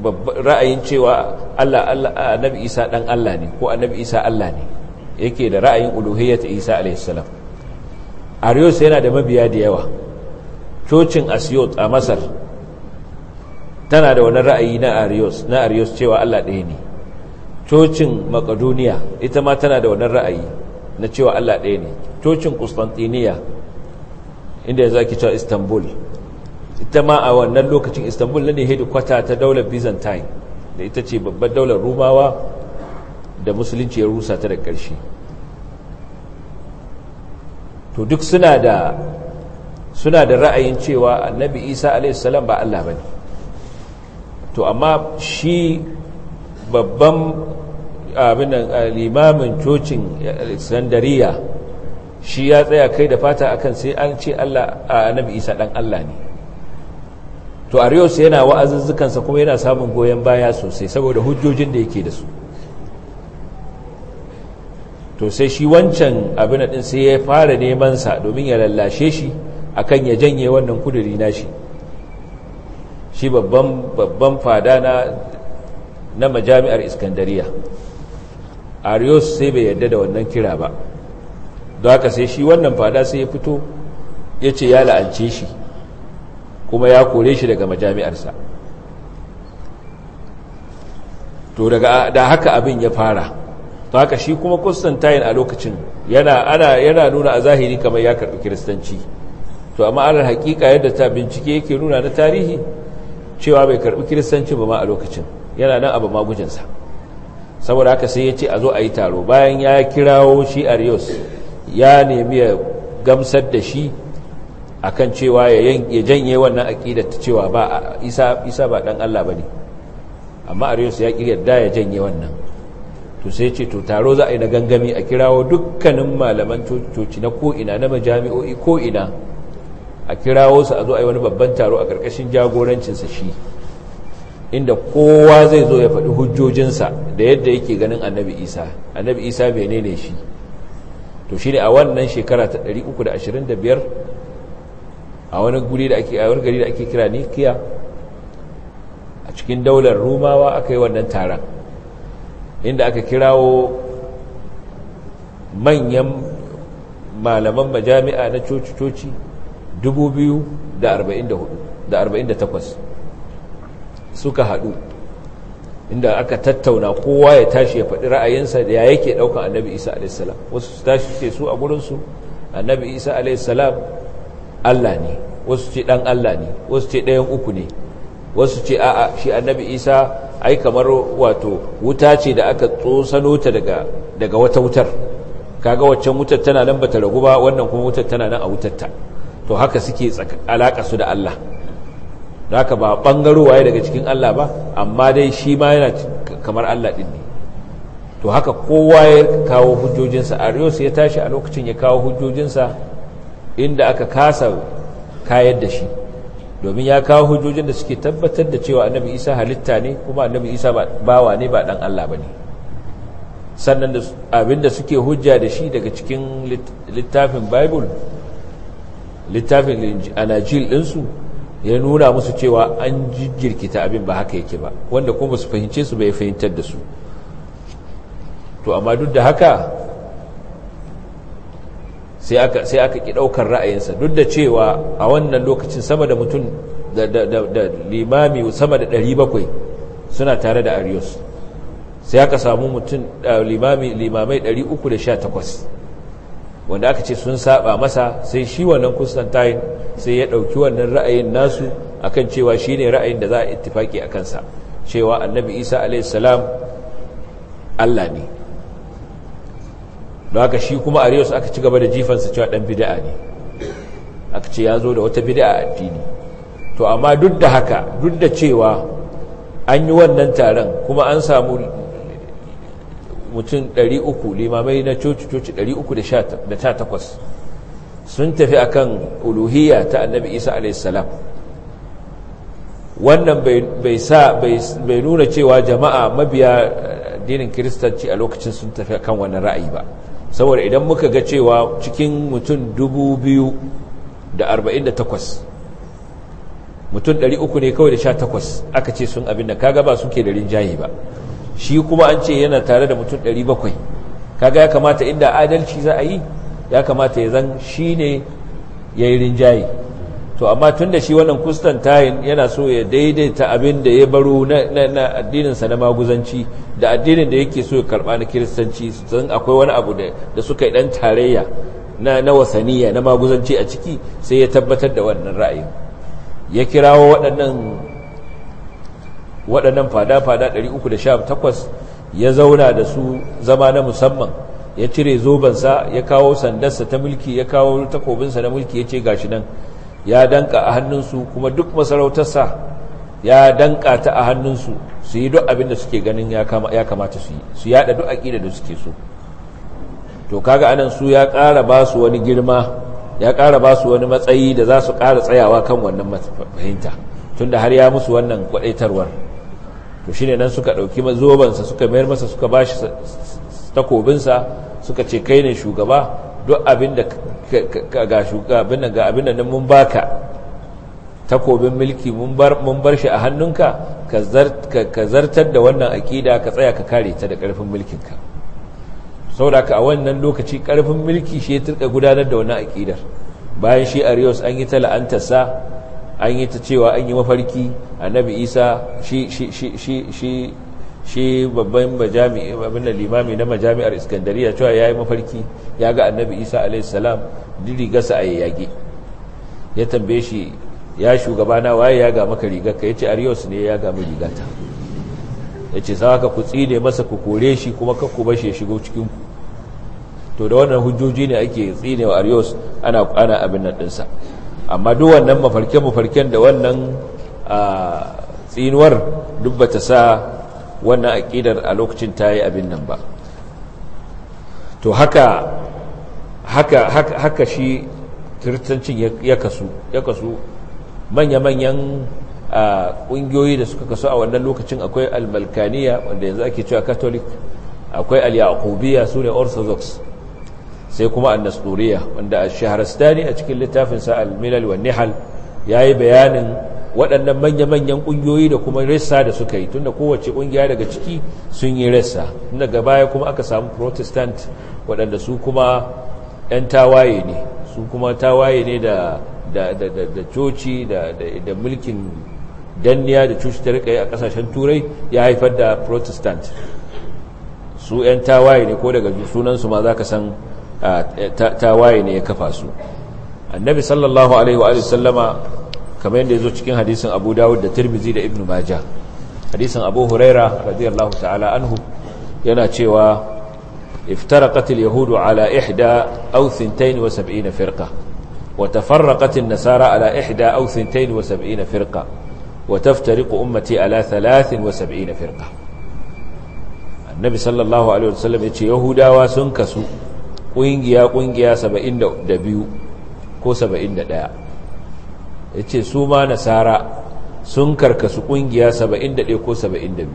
ra'ayin cewa Allah Allah annabi Isa dan Allah ne ko annabi Isa Allah ne yake da ra'ayin uluhiyyat Isa alayhi salam Arius yana da mabiya da yawa cocin Asiyot a Masar tana da wani ra'ayi na Arius na Arius cewa Allah ɗaya ne cocin Makedonia ita ma tana da wani ra'ayi na cewa Allah ɗaya ne cocin Constantinople inda yanzu ake cewa Istanbul ita ma a wannan lokacin istanbul ne hedikwata ta daular byzantine da ita ce babbar daular rumawa da musulunci ya rusa ta da ƙarshe to duk suna da ra'ayin cewa annabi isa a.s. ba allah ba ne to amma shi babban abinan limamin cocin alexandria shi ya tsaya kai da fata akan sai an ce allah a annabi isa dan allah ne to arius yana wa'azuzzukansa kuma yana samun goyon baya sosai saboda hujjojin da yake da su to sai shi wancan abin din sai ya fara neman sa domin ya lallashe shi akan ya janye wannan kuduri nashi shi babban babban fada na na majami'ar iskandariya arius sai bai yarda da wannan kira ba don haka sai shi wannan fada sai ya fito ya ce ya la'ance shi kuma ya kore shi daga majami'arsa to daga da haka abin ya fara to haka shi kuma constantine a lokacin yana ana yana nuna a zahiri kamar ya karbi kiristanci to amma alal hakika yadda ta bincike yake nuna na tarihi cewa bai karɓi kiristanci ba ma a lokacin yana nan abu magujinsa saboda haka sai ya ce a zo a yi taro bayan ya kirawo shi arius ya nemi ya gamsar da shi akan cewa ya janye wannan aqidar ta cewa ba Isa Isa ba dan Allah bane amma Arius ya ki yarda ya janye wannan to sai ce to taro za a yi na gangami a kirawo dukkanin malaman coci na ko ina na majami'o'i ko ina a kirawo su a zo a yi wani babban taro a karkashin jagorancin sa shi inda kowa zai zo ya faɗi hujjojinsa da yadda yake ganin annabi isa annabi isa menene shi to shi ne a wannan shekara ta 325 a wani guri da ake a wani gari da ake kira Nikiya a cikin daular Rumawa aka yi wannan taron inda aka kirawo manyan malaman majami'a na coci-coci 2,048 suka haɗu inda aka tattauna kowa ya tashi ya faɗi ra'ayinsa da ya yake ɗaukan annabi isa a.s. wasu su tashi ce su a gurinsu annabi isa a.s. Allah ne wasu ce dan Allah ne wasu ce ɗayan uku ne wasu ce a'a shi annabi isa ai kamar wato wuta ce da aka tsosano ta daga wata wutar kaga waccan wutar tana nan bata ragu ba wannan kuma wutar tana nan a wutarta to haka suke alaka su da Allah haka ba ɓangaro waye daga cikin Allah ba amma dai shi ma yana kamar Allah ɗin ne to haka kowa ya kawo hujjojinsa arius ya tashi a lokacin ya kawo hujjojinsa inda aka kasa kayar da shi domin ya kawo hujjojin da suke tabbatar da cewa annabi isa halitta ne kuma annabi isa bawa ne ba dan Allah ba ne sannan abinda suke hujja da shi daga cikin littafin bible littafin anajil ɗinsu ya nuna musu cewa an jirkita abin ba haka yake ba wanda kuma su fahimce su bai fahimtar da su to amma duk da haka sai aka sai ki daukar ra'ayinsa duk da cewa a wannan lokacin sama da mutum da limami sama da 700 suna tare da Arius sai aka samu mutum da limami limamai 318 wanda aka ce sun saba masa sai shi wannan Constantine sai ya dauki wannan ra'ayin nasu akan cewa shine ra'ayin da za a ittifaki a kansa cewa annabi Isa alayhi salam Allah ne don haka shi kuma su aka ci gaba da jifansa cewa dan bida'a ne aka ce ya zo da wata bid'a addini to amma duk da haka duk da cewa an yi wannan taron kuma an samu mutum 300 limamai na coci-coci 318 sun tafi akan uluhiyya ta annabi isa alaihissalam wannan bai sa bai nuna cewa jama'a mabiya dinin kiristanci a lokacin sun tafi akan wannan ra'ayi ba saboda idan muka ga cewa cikin mutum 2,048 mutum 300 ne kawai da 18 aka ce sun abin da kaga ba suke da rinjaye ba shi kuma an ce yana tare da mutum 700 kaga ya kamata inda adalci za a yi ya kamata ya zan shi ne ya yi rinjaye to amma tun da shi wannan Constantine yana so ya daidaita abin da ya baro na addininsa na maguzanci da addinin da yake so ya karba na kiristanci sun akwai wani abu da suka yi dan tarayya na wasaniya na maguzanci a ciki sai ya tabbatar da wannan ra'ayin ya kirawo waɗannan fada-fada 318 ya zauna da su zama na musamman ya cire zobensa ya kawo sandarsa ta mulki ya kawo takobinsa na mulki ya ce gashi nan ya danka a hannunsu kuma duk masarautarsa ya danka ta a hannunsu su yi duk abin da suke ganin ya kamata su yi su yada duk aƙi da suke so to kaga anan su ya ƙara ba su wani girma ya ƙara ba su wani matsayi da za su ƙara tsayawa kan wannan fahimta tunda har ya musu wannan kwaɗaitarwar to shine nan suka ɗauki zobensa suka mayar masa suka ba shi takobinsa suka ce kai ne shugaba duk abin da ga shuka ga abin nan mun baka takobin mulki mun bar shi a hannunka ka zartar da wannan akida ka tsaya ka kare ta da ƙarfin mulkinka saboda ka a wannan lokaci karfin mulki shi ya turka gudanar da wannan akidar bayan shi a an yi ta la'antarsa an yi ta cewa an yi mafarki annabi isa shi shi babban majami'i abin da limami na majami'ar iskandariya cewa ya yi mafarki ya ga annabi isa alaihissalam rigarsa a yayyage ya tambaye shi ya shugabana waye ya ga maka rigarka ya ce arios ne ya gama mu ta ya ce za ka ku tsine masa ku kore shi kuma kakku bashe ya shigo cikinku to da wannan hujjoji ne ake tsine wa arios ana ana abin nan ɗinsa amma duk wannan mafarke-mafarken da wannan ah, tsinuwar duk ba ta sa wannan aƙidar a lokacin ta yi abin nan ba to haka haka haka, haka shi kiristancin ya kasu ya kasu manya-manyan ƙungiyoyi da suka kasu a wannan lokacin akwai almalkaniya wanda yanzu ake cewa catholic akwai alyakubiya yaqubiya su ne orthodox sai kuma annasturiya wanda a shaharastani a cikin littafinsa al-milal wa nihal ya yi bayanin waɗannan manya-manyan ƙungiyoyi da kuma rassa da suka yi tun da kowace ƙungiya daga ciki sun yi rassa daga baya kuma aka samu protestant waɗanda su kuma 'yan tawaye ne su kuma tawaye ne da coci da mulkin danniya da coci ta rika yi a ƙasashen turai ya haifar da protestant su 'yan tawaye ne ko daga sunansu ma za ka san ah, tawaye ne ya kafa su annabi sallallahu alaihi wa sallama kamar yadda ya zo cikin hadisin abu dawud da tirmizi da ibn maja hadisin abu huraira radiyallahu ta'ala anhu yana cewa iftaraqat al-yahudu ala ihda aw 72 firqa wa tafarraqat an-nasara ala ihda aw 72 firqa wa taftariqu ummati ala 73 firqa annabi sallallahu alaihi wasallam yace yahudawa sun kasu kungiya kungiya 72 ko 71 ya ce su ma nasara sun karkasu kungiya 71 ko 72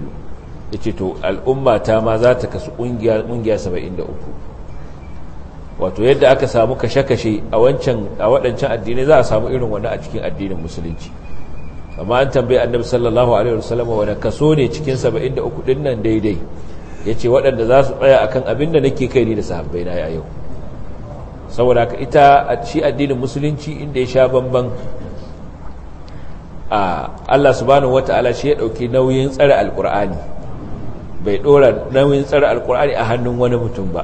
ya ce to al'umma ta ma za ta kasu kungiya 73 wato yadda aka samu kashe-kashe a waɗancan addini za a samu irin wani a cikin addinin musulunci amma an tambayi annabi sallallahu alaihi wasallam wani kaso ne cikin 73 ɗin nan daidai ya ce waɗanda za su tsaya akan abin da nake kai ni da sahabbai na a yau saboda ka ita a ci addinin musulunci inda ya sha bamban Allah subhanahu wata'ala shi ya dauki nauyin tsare alkur'ani bai dora nauyin tsare alkur'ani a hannun wani mutum ba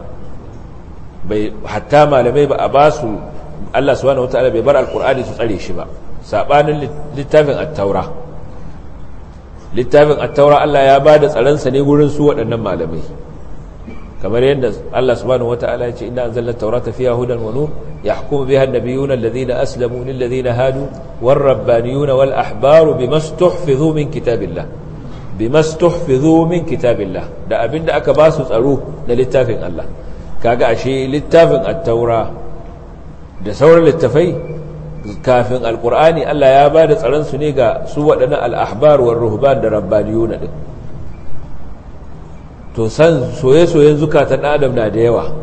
bai hatta malamai ba a ba su Allah subhanahu wata'ala bai bar alkur'ani su tsare shi ba sabanin littafin at-taura littafin at-taura Allah ya ba da tsaransa ne gurin su waɗannan malamai kamar yadda Allah subhanahu wataala ya ce inna anzalna tawrata fiha hudan wa nur yahkumu biha an-nabiyuna alladhina aslamu lil ladina hadu war rabbaniyuna wal ahbaru bimastuhfizu min kitabillah bimastuhfizu min kitabillah da abinda aka ba su tsaro da littafin Allah kaga ashe littafin at-taura da sauran littafai kafin alqur'ani Allah ya ba da tsaron su ne ga su waɗannan al-ahbar war ruhban da rabbaniyuna din to san soye-soyen zukata adam na da yawa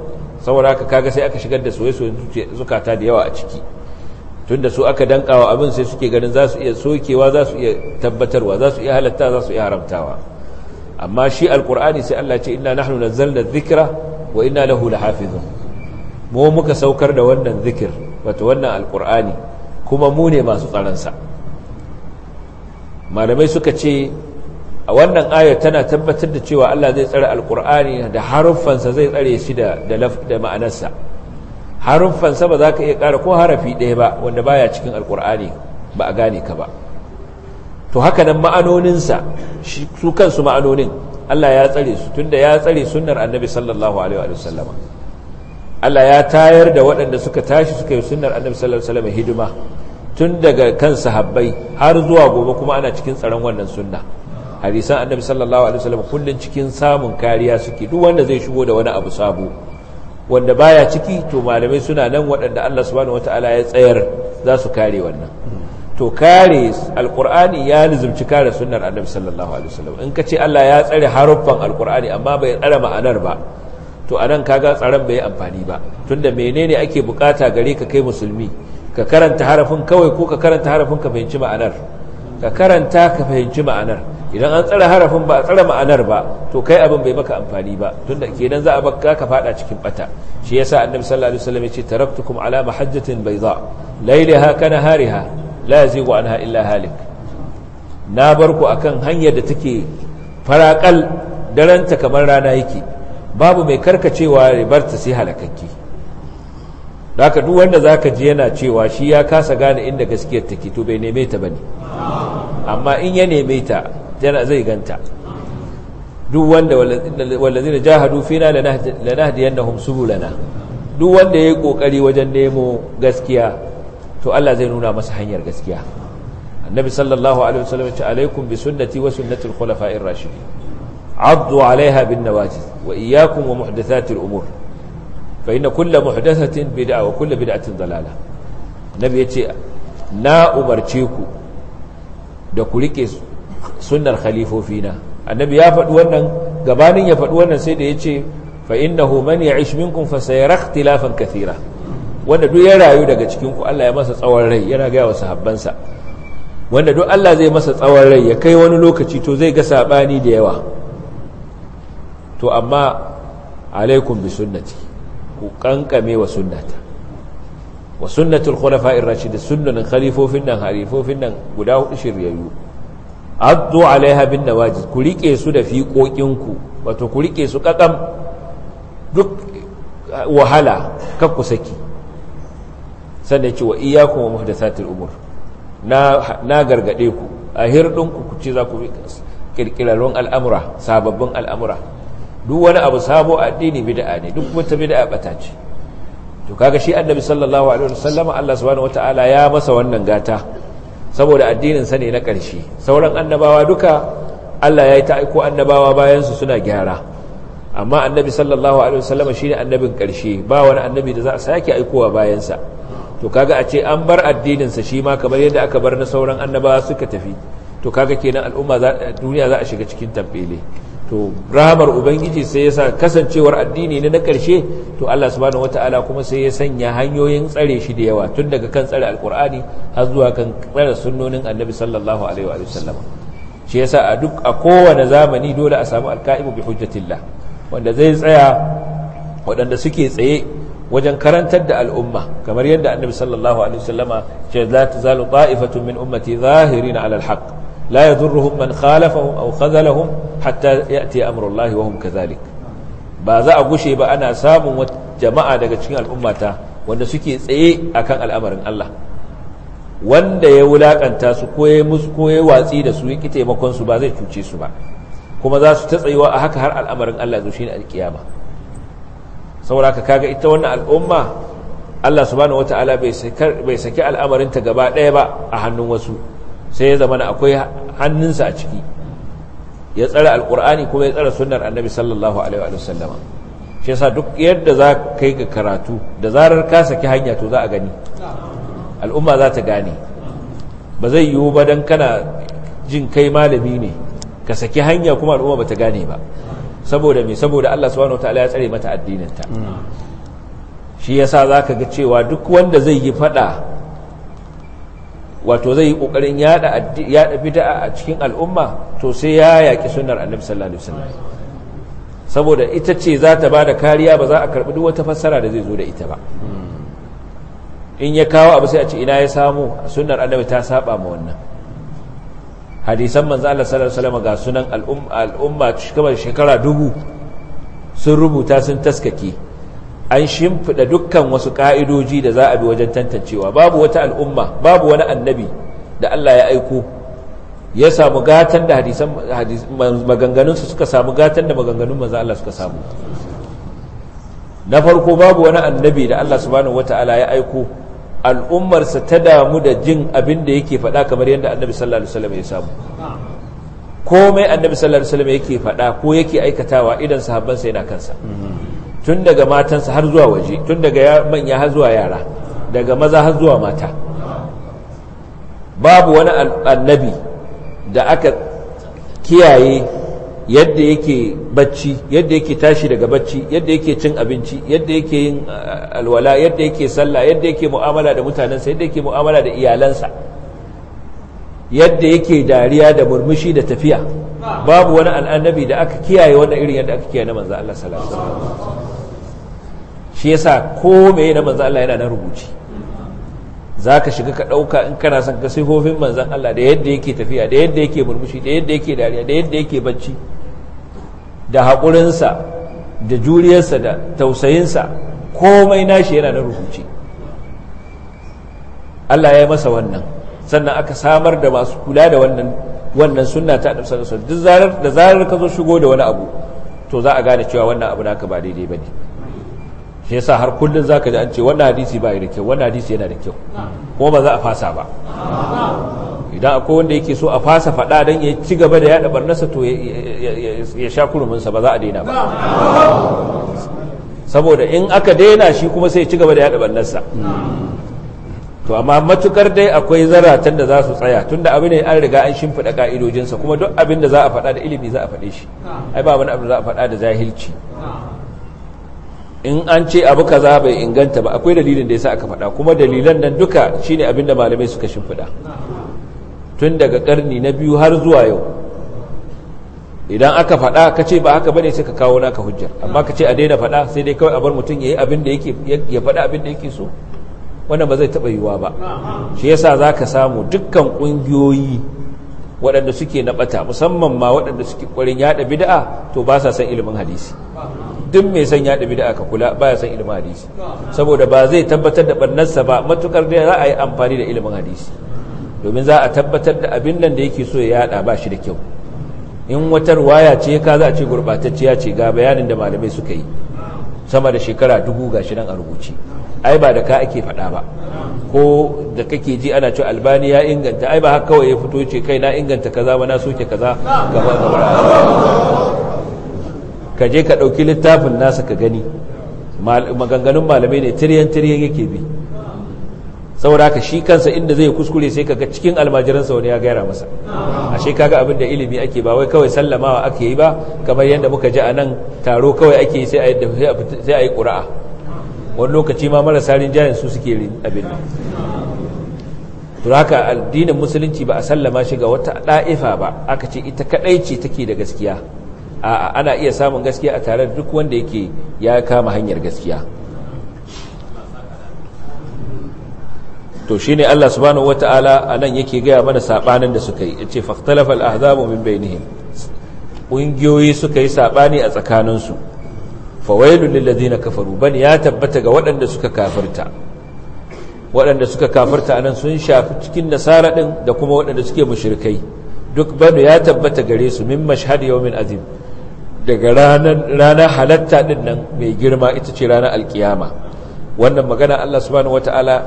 saboda haka kaga sai aka shigar da soye-soyen zukata da yawa a ciki tun da su aka dankawa abin sai suke ganin za su iya sokewa za su iya tabbatarwa za su iya halatta za su iya haramtawa amma shi alkur'ani sai Allah ce inna nahnu nazzalna zikira wa inna lahu lahafizun mu muka saukar da wannan zikir wato wannan alkur'ani kuma mu ne masu tsaron sa malamai suka ce a wannan ayar tana tabbatar da cewa Allah zai tsare alkur'ani da haruffansa zai tsare shi da da ma'anarsa haruffansa ba za ka iya ƙara ko harafi ɗaya ba wanda baya cikin alkur'ani ba a gane ka ba to haka nan ma'anoninsa su kansu ma'anonin Allah ya tsare su tunda ya tsare sunnar annabi sallallahu alaihi wa sallama Allah ya tayar da waɗanda suka tashi suka yi sunnar annabi sallallahu alaihi wa sallama hidima tun daga kan sahabbai har zuwa gobe kuma ana cikin tsaron wannan sunna hadisan annabi sallallahu alaihi wasallam kullun cikin samun kariya suke duk wanda zai shigo da wani abu sabo wanda baya ciki to malamai suna nan waɗanda Allah subhanahu wataala ya tsayar za su kare wannan to kare alkur'ani ya nizumci kare sunnar annabi sallallahu alaihi wasallam in ka ce Allah ya tsare haruffan alkur'ani amma bai tsare ma'anar ba to anan kaga tsaron bai amfani ba tunda menene ake bukata gare ka kai musulmi ka karanta harafin kawai ko ka karanta harafin ka fahimci ma'anar ka karanta ka fahimci ma'anar idan an tsara harafin ba a tsara ma'anar ba to kai abin bai maka amfani ba tunda kenan za a baka ka fada cikin bata shi yasa annabi sallallahu alaihi wasallam yace taraktukum ala mahajjatin bayda laylaha kana hariha la yazigu anha illa halik na barku akan hanyar da take farakal daranta kamar rana yake babu mai karkacewa ribarta sai halakakke da duk wanda za ka ji yana cewa shi ya kasa gane inda gaskiyar take to bai neme ta ba ne amma in ya neme ta yana zai ganta duk wanda wallazi da jahadu fina lanahdiyannahum subulana duk wanda yayi kokari wajen nemo gaskiya to Allah zai nuna masa hanyar gaskiya annabi sallallahu alaihi wasallam alaikum bi sunnati wa sunnati al-khulafa'ir rashidin addu 'alayha bin nawajiz wa iyyakum wa umur fa inna kullu muhdathatin bid'a wa kullu bid'atin dalala nabi yace na umarce ku da ku rike sunnar khalifofina annabi ya faɗi wannan gabanin ya faɗi wannan sai da yace fa innahu man ya'ish minkum fa sayara ikhtilafan kathira wanda duk ya rayu daga cikin ku Allah ya masa tsawon rai yana ga wa sahabbansa wanda duk Allah zai masa tsawon rai ya kai wani lokaci to zai ga sabani da yawa to amma alaikum bi sunnati ku kankame wa sunnata wa sunnatul khulafa'ir rashidin sunan khalifofin nan harifofin nan guda hudu shiryayyu addu alaiha bin nawajiz ku rike su da ku wato ku rike su kakam duk wahala kan ku saki sannan ce wa iyakun wa muhdathatul umur na na gargade ku a hirdinku ku ce za ku kirkirarun al'amura sababbin al'amura duk wani abu sabo addini bid'a ne duk wata bid'a bata ce to kaga shi annabi sallallahu alaihi wasallam Allah subhanahu wataala ya masa wannan gata saboda addinin sa ne na ƙarshe sauran annabawa duka Allah ya yi ta aiko annabawa bayan su suna gyara amma annabi sallallahu alaihi wasallam shine annabin ƙarshe ba wani annabi da za a sake aikowa bayan sa to kaga a ce an bar addinin sa kamar yadda aka bar na sauran annabawa suka tafi to kaga kenan al'umma duniya za a shiga cikin tambele to rahamar ubangiji sai ya sa kasancewar addini ne na ƙarshe to Allah subhanahu wata'ala kuma sai ya sanya hanyoyin tsare shi da yawa tun daga kan tsare alkur'ani har zuwa kan tsare sunnonin annabi sallallahu alaihi wa sallam shi yasa a duk a kowane zamani dole a samu alka'imu bi hujjatillah wanda zai tsaya waɗanda suke tsaye wajen karantar da al'umma kamar yadda annabi sallallahu alaihi wasallama ce za ta zalu ta'ifatun min ummati zahirin ala alhaq la yadurruhum man khalafahum aw khazalahum hatta ya'ti amrullahi wa hum kadhalik ba za a gushe ba ana samun jama'a daga cikin al'ummata wanda suke tsaye akan al'amarin Allah wanda ya wulakanta su ko watsi da su yake taimakon su ba zai cuce su ba kuma za su ta a haka har al'amarin Allah zo shine alkiyama saboda ka kaga ita wannan al'umma Allah subhanahu wataala bai saki al'amarin ta gaba ɗaya ba a hannun wasu sai ya zama na akwai hannunsa a ciki ya tsara alkur'ani kuma ya tsara sunnar annabi sallallahu alaihi wa sallama shi yasa duk yadda za ka yi ga karatu da zarar ka saki hanya to za a gani al'umma za ta gane ba zai yiwu ba don kana jin kai malami ne ka saki hanya kuma al'umma ba ta gane ba saboda me saboda Allah subhanahu wataala ya tsare mata addininta mm. shi yasa zaka ga cewa duk wanda zai yi fada wato zai yi ƙoƙarin yada fita a cikin al'umma to sai ya yaki sunar annabi sallallahu alaihi saboda ita ce za ta bada kariya ba za a karbi duk wata fassara da zai zo da ita ba in ya kawo abu sai a ce ina ya samu sunar annabi ta saba ma wannan hadisan manzo Allah sallallahu alaihi wasallam ga sunan al'umma al'umma shekara dubu sun rubuta sun taskake an shimfiɗa dukkan wasu ƙa'idoji da za a bi wajen tantancewa babu wata al'umma babu wani annabi da Allah ya aiko ya samu gatan da hadisan maganganunsu suka samu gatan da maganganun maza Allah suka samu na farko babu wani annabi da Allah subhanahu wata'ala ya aiko al'ummarsa ta damu da jin abin da yake faɗa kamar yadda annabi sallallahu alaihi wasallam ya samu komai annabi sallallahu alaihi yake faɗa ko yake aikatawa sahabbansa yana kansa tun daga matansa har zuwa waje tun daga manya har zuwa yara daga maza har zuwa mata babu wani annabi da aka kiyaye yadda yake bacci yadda yake tashi daga bacci yadda yake cin abinci yadda yake yin alwala yadda yake sallah yadda yake mu'amala da mutanensa yadda yake mu'amala da iyalansa yadda yake dariya da murmushi da tafiya babu wani annabi da aka kiyaye wannan irin yadda aka kiyaye na manzo Allah sallallahu alaihi wasallam shi yasa ko me na manzan Allah yana na rubuci za ka shiga ka ɗauka in kana son ka sifofin manzan Allah da yadda yake tafiya da yadda yake murmushi da yadda yake dariya da yadda yake bacci da haƙurinsa da juriyarsa da tausayinsa komai nashi yana na rubuci Allah ya yi masa wannan sannan aka samar da masu kula da wannan wannan sunna ta da zarar da zarar ka zo shigo da wani abu to za a gane cewa wannan abu naka ba daidai bane shi yasa har kullun zaka ji an ce wannan hadisi ba da kyau wannan hadisi yana da kyau kuma ba za a fasa ba idan akwai wanda yake so a fasa fada don ya ci gaba da yada barnasa to ya sha kurumin ba za a daina ba saboda in aka daina shi kuma sai ya ci gaba da yada barnasa to amma matukar dai akwai zaratan da za su tsaya tunda abin da an riga an shimfiɗa ka'idojinsa kuma duk abin da za a faɗa da ilimi za a faɗe shi ai ba wani abin da za a faɗa da jahilci in an ce abu kaza bai inganta ba akwai dalilin da ya sa aka faɗa kuma dalilan nan duka shine abinda malamai suka shimfiɗa tun daga karni na biyu har zuwa yau idan aka faɗa ka ce ba haka bane sai ka kawo naka hujjar amma ka ce a daina faɗa sai dai kawai abar bar mutum yi abin da ya faɗa abin da yake so wannan ba zai taɓa yiwuwa ba shi yasa ka samu dukkan ƙungiyoyi waɗanda suke na ɓata musamman ma waɗanda suke ƙwarin yaɗa bida'a to ba sa san ilimin hadisi duk mai son ya ɗabi da aka kula baya san ilimin hadisi saboda ba zai tabbatar da ɓarnarsa ba matukar da za a yi amfani da ilimin hadisi domin za a tabbatar da abin nan da yake so ya yada ba shi da kyau in wata ruwaya ce ka za a ce gurɓatacciya ce ga bayanin da malamai suka yi sama da shekara dubu ga shi nan a rubuce ai ba da ka ake faɗa ba ko da kake ji ana cewa albani ya inganta ai ba haka kawai ya fito ce kai na inganta kaza ba na soke kaza gaba gaba ka je ka ɗauki littafin nasa ka gani maganganun malamai ne tiryan-tiryan yake bi saboda ka shi kansa inda zai kuskure sai kaga cikin almajiransa wani ya gaira masa ashe kaga abin da ilimi ake ba wai kawai sallamawa ake yi ba kamar yadda muka ji a nan taro kawai ake sai a yi ƙura'a wani lokaci ma marasa rinjayen su suke abin nan to haka addinin musulunci ba a sallama shiga wata ɗa'ifa ba aka ce ita kaɗai ce take da gaskiya a'a ana iya samun gaskiya a tare da duk wanda yake ya kama hanyar gaskiya to shine Allah subhanahu wataala anan yake gaya mana sabanin da suka yi yace fahtalafa al-ahzabu min bainihim ƙungiyoyi suka yi sabani a tsakaninsu fawailul lil ladina kafaru ban ya tabbata ga waɗanda suka kafirta waɗanda suka kafirta anan sun shafi cikin nasara din da kuma waɗanda suke mushrikai duk banu ya tabbata gare su min mashhad yawmin azim daga ranar halatta ɗin nan mai girma ita ce ranar alkiyama wannan magana Allah subhanahu wata'ala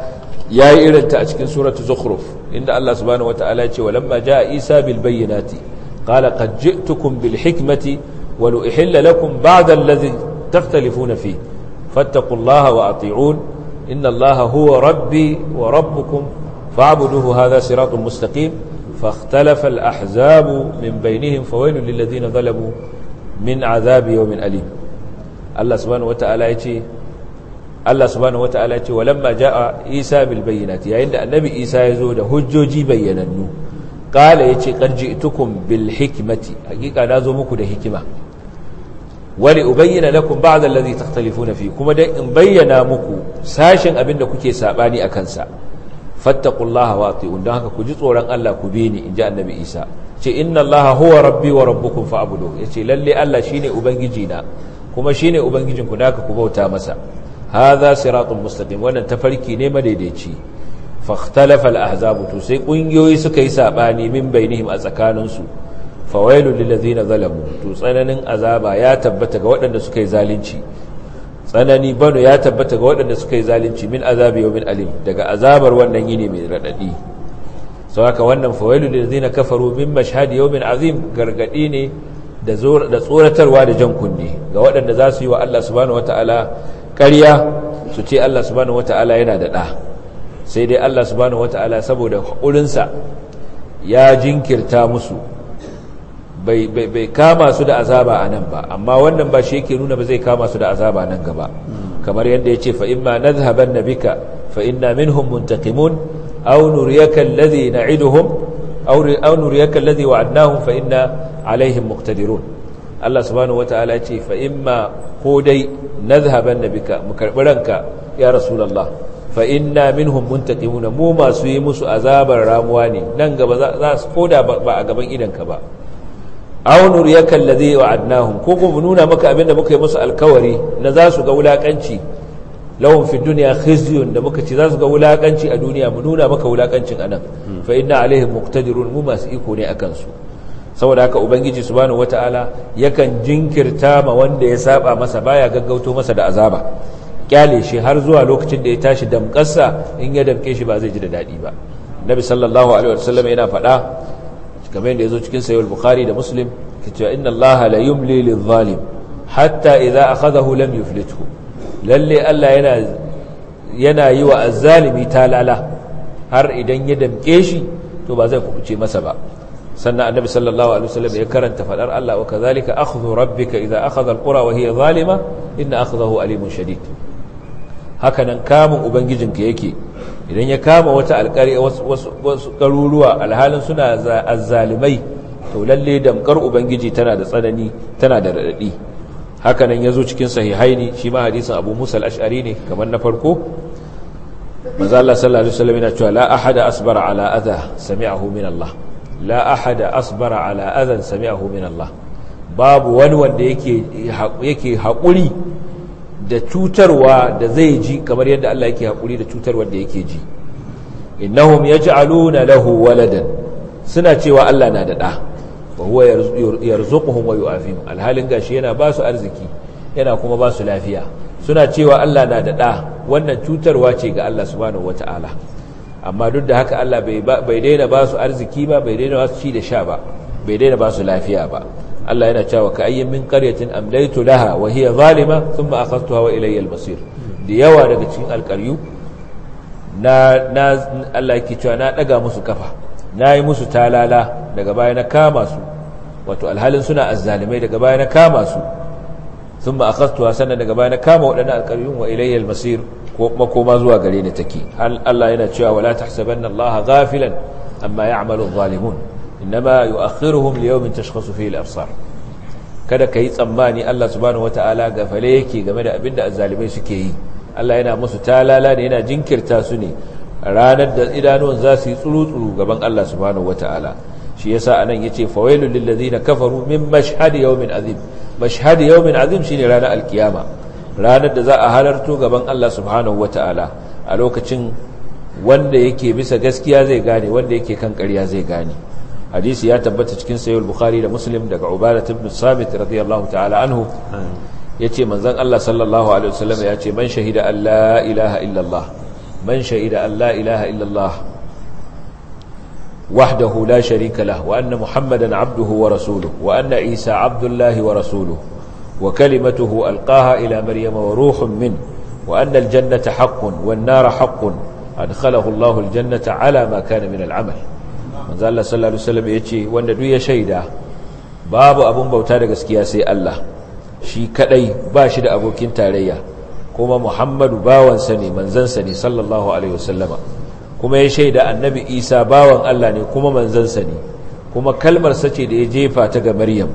ya yi irinta a cikin suratu zukhruf inda Allah subhanahu wata'ala ce walamma ja isa bil bayyinati qala qad ji'tukum bil hikmati wa lu lakum ba'da allazi takhtalifuna fi fattaqullaha wa ati'un inna allaha huwa rabbi wa rabbukum fa'buduhu hadha siratun mustaqim فاختلف ahzabu min بينهم فويل للذين zalamu min azabi yawmin alim Allah subhanahu wataala yace Allah subhanahu wataala yace walamma jaa Isa bil bayyinati yayin da annabi Isa ya zo da hujjoji bayyanannu qala yace qad ji'tukum bil hikmati hakika na zo muku da hikima wali ubayyana lakum ba'd alladhi takhtalifuna fi kuma dai in bayyana muku sashin abinda kuke sabani akan sa fattaqullaha wa ati'un don haka ku ji tsoron Allah ku bi ni inji annabi Isa ce inna allaha huwa rabbi wa rabbukum fa'budu yace lalle Allah shine ubangiji na kuma shine ubangijin ku da ku bauta masa hadha siratul mustaqim wannan tafarki ne madaidaici fahtalafa al ahzabu to sai kungiyoyi suka yi sabani min bainihim a tsakanin su fawailul lil ladina zalamu to tsananin azaba ya tabbata ga waɗanda suka yi zalunci tsanani bano ya tabbata ga waɗanda suka yi zalunci min azabi yawmin alim daga azabar wannan yini mai radadi sau haka wannan fawailul ladina kafaru min mashadi yawmin azim gargadi ne da tsoratarwa da jan kunne ga waɗanda za su yi wa Allah subhanahu wata'ala ƙarya su ce Allah subhanahu wata'ala yana da ɗa sai dai Allah subhanahu wata'ala saboda haƙurinsa ya jinkirta musu bai kama su da azaba a nan ba amma wannan ba shi yake nuna ba zai kama su da azaba nan gaba kamar yadda ya ce fa'imma na zahaban na bika min minhum muntakimun aw nuriyaka alladhi na'iduhum aw nuriyaka alladhi wa'adnahum fa inna alaihim muqtadirun wata'ala ce fa ko dai nadhhaban nabika mu karbi ranka ya rasulullah fa inna minhum muntaqimuna mu masu yi musu azabar ramuwa ne nan gaba koda ba a gaban idanka ba aw nuriyaka alladhi wa'adnahum ko kuma nuna maka abinda muka yi musu alkawari na za su ga wulakanci lawan fi dunya khizyun da muka ci za su ga wulakanci a duniya mu nuna maka wulakancin anan fa inna alaihim muqtadirun mu masu iko ne akan su saboda haka ubangiji subhanahu wataala yakan jinkirta ma wanda ya saba masa baya gaggauto masa da azaba kyale shi har zuwa lokacin da ya tashi damkarsa in ya damke shi ba zai ji da dadi ba nabi sallallahu alaihi wasallam yana faɗa kamar yadda yazo cikin sahih al-bukhari da muslim kace inna allaha la yumli lil-zalim hatta idza akhadahu lam yuflithu lalle Allah yana yana yi wa azzalimi talala har idan ya damke shi to ba zai kubuce masa ba sannan annabi sallallahu alaihi wasallam ya karanta fadar Allah wa kadhalika akhdhu rabbika idha akhadha alqura wa hiya zalima inna akhdahu alimun shadid haka nan kamun ubangijinka yake idan ya kama wata alƙari wasu garuruwa alhalin suna azzalimai to lalle damkar ubangiji tana da tsanani tana da radadi hakanan ya zo cikin sahihaini shi ma hadisin abu musa al'ashari ne kamar na farko maza sallallahu alaihi wasallam yana cewa la ahada asbara ala adha sami'ahu Allah la asbara ala adhan sami'ahu Allah babu wani wanda yake haƙuri da cutarwa da zai ji kamar yadda Allah yake haƙuri da cutarwa da yake ji innahum aluna lahu waladan suna cewa Allah na da ɗa. wa huwa wa alhalin gashi yana ba su arziki yana kuma ba su lafiya suna cewa Allah na da ɗa wannan cutarwa ce ga Allah subhanahu wata'ala amma duk da haka Allah bai daina ba su arziki ba bai daina ba su ci da sha ba bai daina ba su lafiya ba Allah yana cewa ka ayyin min qaryatin amlaytu laha wa hiya zalima thumma akhadtuha wa ilayya al-masir da yawa daga cikin alƙaryu na na Allah yake cewa na daga musu kafa nayi musu talala daga baya na kama su wato alhalin suna azzalimai daga baya na kama su sun a kastuwa sannan daga baya na kama waɗannan alƙaryun wa ilayyar masir ko makoma zuwa gare da take Allah yana cewa wala tahsabanna Allah ghafilan amma ya'malu adh-dhalimun inma yu'akhiruhum li yawmin tashkhasu fihi al-absar kada kai tsammani Allah subhanahu wata'ala gafale yake game da abinda azzalimai suke yi Allah yana musu talala ne yana jinkirta su ne ranar da idanuwan za su yi tsuru-tsuru gaban Allah subhanahu wata'ala shi yasa anan ya ce lil ladina kafaru min mashhad yawmin azim mashhad yawmin azim shine ranar alkiyama ranar da za a halarto gaban Allah subhanahu wataala a lokacin wanda yake bisa gaskiya zai gane wanda yake kan ƙarya zai gane hadisi ya tabbata cikin sahih bukhari da muslim daga ubadah ibn sabit radiyallahu ta'ala anhu yace manzon Allah sallallahu alaihi wasallam yace man shahida an la man shahida an la وحده لا شريك له وأن محمدا عبده ورسوله وأن عيسى عبد الله ورسوله وكلمته ألقاها إلى مريم وروح منه وأن الجنة حق والنار حق أدخله الله الجنة على ما كان من العمل من ذا الله صلى الله عليه وسلم يتشي وأن دوية شيدا باب أبو بوتارك سكياسي الله شي كدي باشد أبو كنتاريا كما محمد باوان سني من زن سني صلى الله عليه وسلم kuma ya shaida annabi isa bawan Allah ne kuma manzansa ne kuma kalmarsa ce da ya jefa ta ga maryam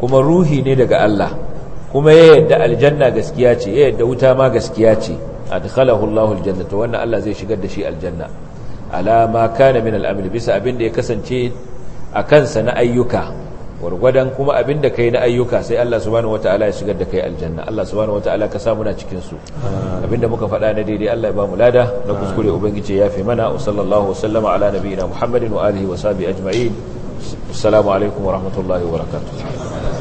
kuma ruhi ne daga Allah kuma ya yadda aljanna gaskiya ce ya yadda wuta ma gaskiya ce adkhalahu Allahu aljanna to wannan Allah zai shigar da shi aljanna alama ma kana min al'amali bisa abin da ya kasance a kansa na ayyuka gwargwadon kuma abin da kai na ayyuka sai Allah subhanahu wata'ala ya shigar da kai aljanna Allah subhanahu wata'ala ka samu na cikin su abinda muka faɗa na daidai Allah ya ba mu lada na kuskure ubangiji ya fi mana wa sallallahu ala nabiyina Muhammadin wa alihi wa sahbihi ajma'in assalamu alaikum wa rahmatullahi wa barakatuh